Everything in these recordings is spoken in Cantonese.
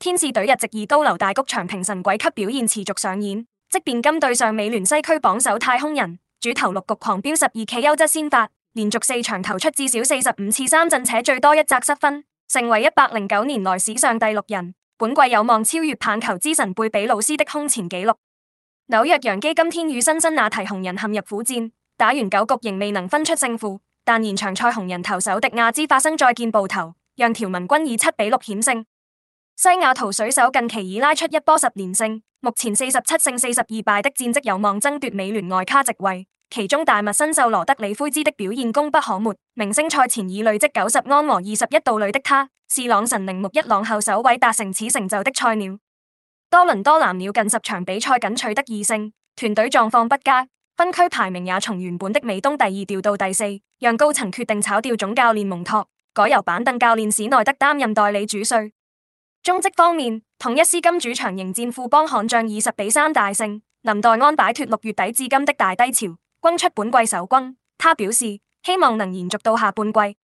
天使隊日直二刀流大谷翔平神鬼級表現持續上演，即便今對上美聯西區榜首太空人，主投六局狂飆十二期 i k 優質先發，連續四場投出至少四十五次三振且最多一責失分，成為一百零九年來史上第六人，本季有望超越棒球之神貝比魯斯的空前紀錄。紐約洋基今天與新生那提紅人陷入苦戰，打完九局仍未能分出勝負，但現場賽紅人投手迪亞茲發生再見暴投，讓條文軍以七比六險勝。西雅圖水手近期已拉出一波十連勝，目前四十七勝四十二敗的戰績，有望爭奪美聯外卡席位。其中大物新秀羅德里奎茲的表現功不可沒，明星賽前已累積九十安和二十一盜壘的他，是朗神鈴木一朗後首位達成此成就的菜鳥。多倫多藍鳥近十場比賽僅取得二勝，團隊狀況不佳，分區排名也從原本的美東第二掉到第四，讓高層決定炒掉總教練蒙托，改由板凳教練史奈德擔任代理主帥。中職方面，統一獅今主場迎戰富邦悍將，二十比三大勝，林岱安擺脫六月底至今的大低潮，轟出本季首轟。他表示希望能延續到下半季。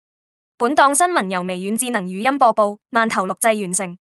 本檔新聞由微軟智能語音播報，慢頭錄製完成。